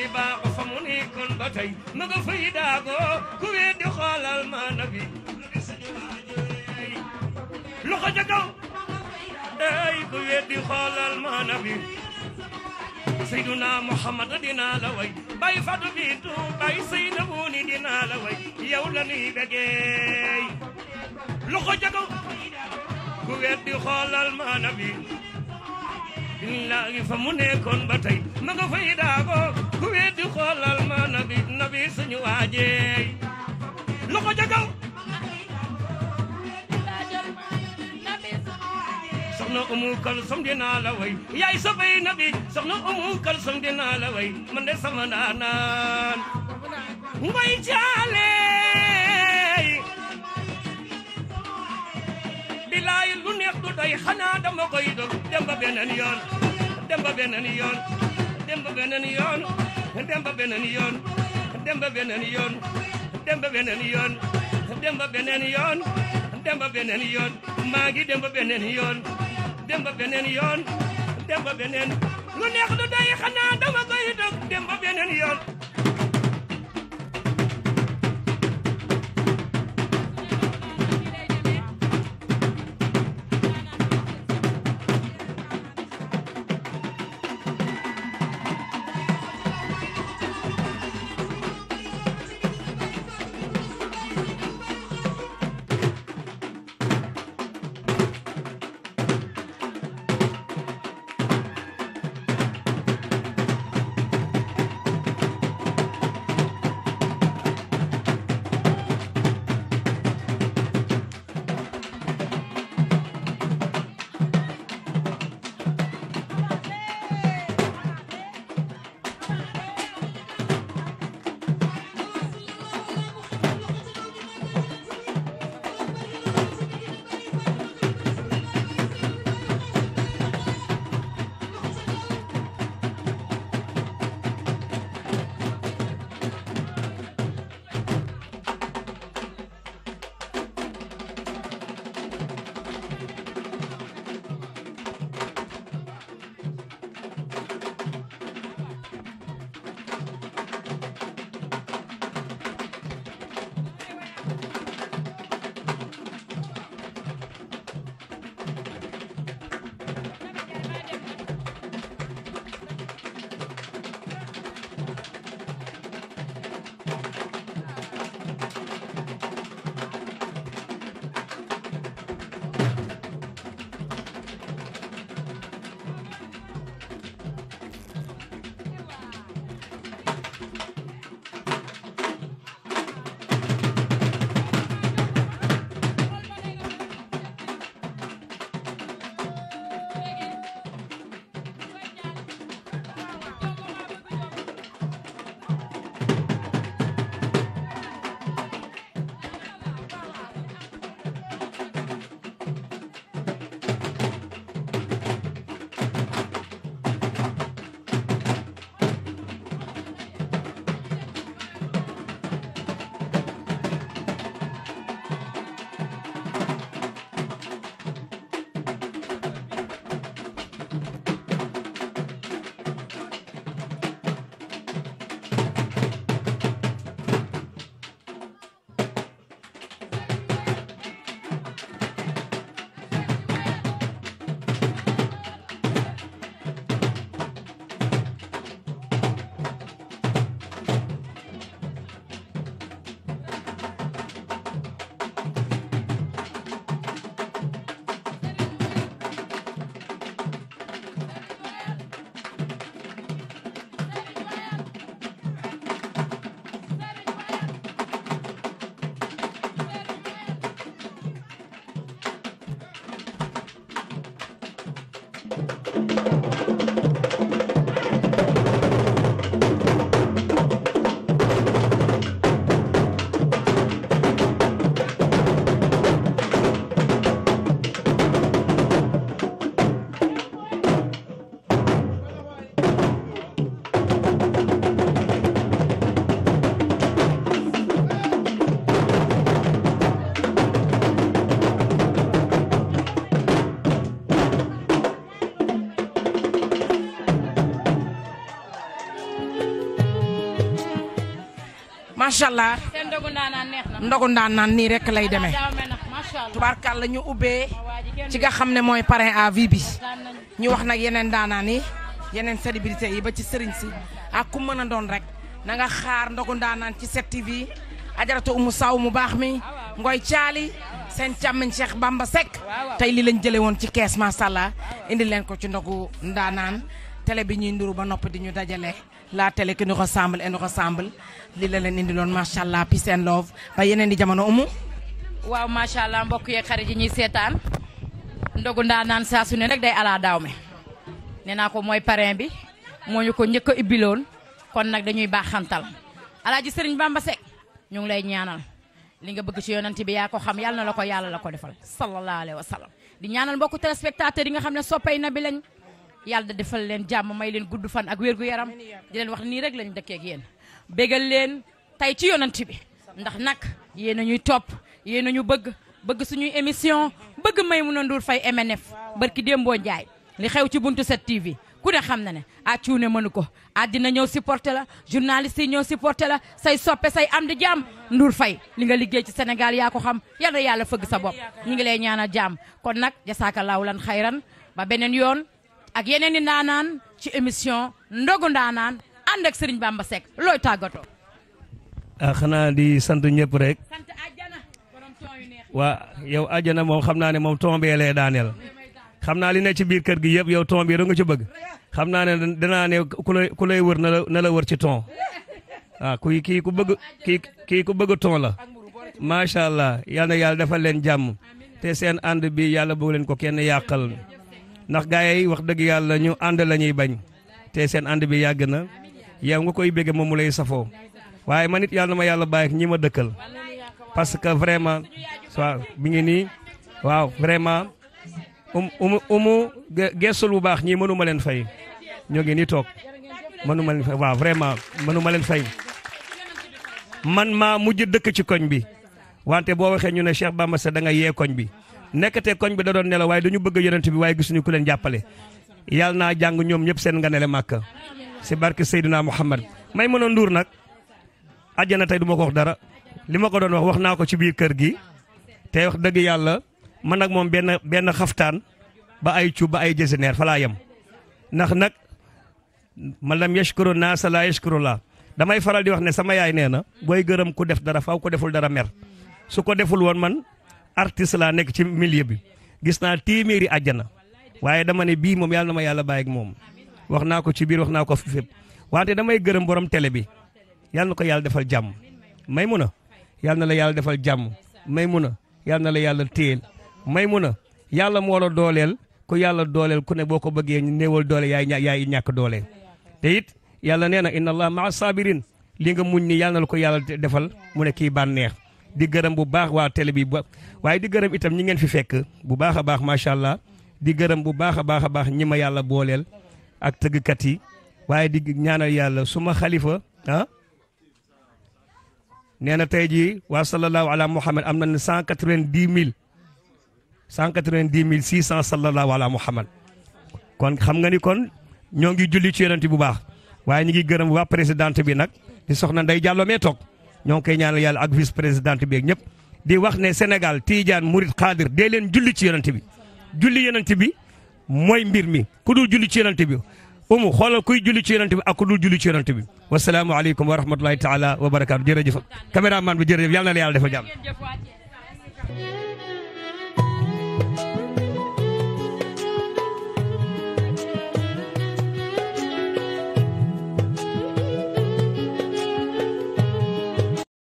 ni baaxu fa mu ni kon ba tey ma nga fay daagoo ku wéet di xoolal ma nabi loxo ca kaw ay ku wéet di xoolal ma nabi Seyduna Muhammad dinaa la way bay fatu biitu bay Seynabu ni dinaa la way yow la nuy begey loxo ca kaw ku wéet di xoolal ma nabi dinaa fa mu nekkoon ba ma nga fay ku weddi xoolal ma nabi nabi suñu waajeey loxo jagal soxna umu kalsum dinaa la way yaay sobay nabi soxna umu kalsum dinaa la way man de sama naanaan ngoy jaale way xanaa dama koy dog dem ba beneen yoon dem ba beneen yoon dem ba beneen yoon dem ba beneen yoon dem ba beneen yoon dem ba beneen yoon dem ba beneen yoon dem ba beneen yoon maa ngi dem ba beneen yoon dem ba beneen yoon dem ba beneen lu neex lu day xanaa dama koy dog dem ba beneen yoon macha allah ndogu ndaanaan nii rek lay demee la ñu ubbee ci nga xam ne mooy pare à vie bi ñu wax nag yeneen ndaanaan yi yeneen célébrité yi ba ci sëriñ si ak ku mën a doon rek na nga xaar ndogu ndaanaan ci 7TV ajaratu umu saw mu baax mi ah, ngoy caali seen càmmiñ Cheikh Bamba Seck ah, tey li lañ jële woon ci kees macha allah indi leen ko ci ndogu ndaanaan télé bi ñuy nduru ba noppi di ñu dajale la télé qui nous ressemble et nous ressemble li la leen indi loon macha allah peace and love ba yeneen di jamono umu. waaw macha allah mbokk yeeg xarit yi ñuy seetaan ndogu ndaanaan saa su ne rek day ala daaw me nee naa ko mooy parrain bi moo ñu ko njëkk a ibbiloon kon nag dañuy baax xantal baaxantal alaaji sëriñ ba Seck ñu ngi lay ñaanal li nga bëgg ci yonanti bi yaa ko xam yàlla na la ko yàlla la ko defal sallallahu alayhi wa di ñaanal mbokku téléspectateur yàlla defal leen jàmm may leen gudd fan ak wér-gu-yaram di leen wax nii rek lañ dëkkee ak yéen bégal leen tey ci yonant bi ndax nag yéen a ñuy topp yéen a ñu bëgg bëgg suñuy émission bëgg may mun Maimouna Ndour Faye MNF barki Dembo Ndiaye li xew ci buntu 7TV ku ne xam ne ne ah cuune mënu ko ah ñëw supporter la journaliste yi ñëw supporter la say soppe say am di jàmm Ndour Faye li nga liggéey ci Sénégal yaa ko xam yal na yàlla fëgg sa bopp ñu ngi lay ñaanal jàmm kon nag lan xayran ak yeneen i ndaanaan ci émission ndogu ndaanaan ànd ak Serigne Bamba Seck looy tàggatoo. ah xanaa di sant ñépp rek. sant àjjana borom waa yow àjjana moom xam naa ne moom ton bee lay daaneel. xam naa li ne ci biir kër gi yëpp yow ton bi rek nga ci bëgg. xam naa ne danaa ne ku lay ku wër na la na wër ci ton. waaw ah, kii ku bëgg kii kii ku bëgg ton la. macha allah yal na yàlla defal leen jàmm. te seen ànd bi yàlla bëgg leen ko kenn yàqal. ndax gars yi wax dëgg yàlla ñu ànd la ñuy bañ te seen ànd bi yàgg na yow nga koy bégge moom mu lay safoo waaye man it yàlla ma yàlla bàyyi ñii ñi ma dëkkal parce que vraiment waaw mi ngi nii waaw vraiment um, um umu umu bu baax ñii mënu ma leen fay ñoo ngi nii toog mënu ma leen fay waaw vraiment mënu ma leen fay man maa mujj dëkk ci koñ bi wante boo waxee ñu ne Cheikh Bamba Cissé da ngay yee koñ bi nekkatee koñ bi da doon nelaw waaye dañu bëgg yonent bi waaye gisuñu ku leen jàppale yàlla naa jàng ñoom ñëpp seen nga nele màkka si barke Seydina Muhammad may mën a nduur nag àjjana tey du ma ko dara li ma ko doon wax wax naa ko ci biir kër gi tey wax dëgg yàlla man ak moom benn benn xaftaan ba ay cuub ba ay jesineer falaa laa yem ndax nag ma lam yashkuru naasa laa yashkuru laa damay faral di wax ne sama yaay nee na booy gërëm ku def dara faw ko deful dara mer artiste laa nekk ci milieu bi gis naa téeméeri àjjana waaye dama ne bii moom yàlla na ma yàlla bàyyi moom wax naa ko ci biir wax naa ko fi wante damay gërëm borom télé bi yàlla na ko yàlla defal jàmm may mun a yàlla na la yàlla defal jàmm may mun a yàlla na la yàlla téyel may mun a yàlla moo dooleel ku yàlla dooleel ku ne boo ko bëggee néewal doole yaay yaay ñàkk doole te it yàlla nee na inna allah maa sabirin lii nga muñ ni yàlla na la ko yàlla defal mu ne kii bànneex di gërëm bu baax waa télé bi ba waaye di gërëm itam ñi ngeen fi fekk bu baax a baax macha allah di gërëm bu baax a baax a baax ñi ma yàlla booleel ak tëggkat yi waaye di ñaana yàlla suma xalifa ah. na tey jii waa sallallahu ala muhammad am nañu cent quatre vingt dix mille cent quatre vingt dix mille six cent sallallahu ala muhammad kon xam nga ni kon ñoo ngi julli ci yonent bu baax waaye ñu ngi gërëm waa présidente bi nag di soxna nday Diallo mee toog. ñoo ngi koy ñaanal yàlla ak vice présidente bi ak ñëpp di wax ne Sénégal Tidiane Mouride Khadir dee leen julli ci yonent bi julli yonent bi mooy mbir mi ku dul julli ci yonent bi umu xoolal kuy julli ci yonent bi ak ku dul julli ci yonent bi wasalaamu aleykum wa rahmatulahi taala wa barakaatu jërëjëf caméraman bi jërëjëf yàlla na la yàlla defal jàmm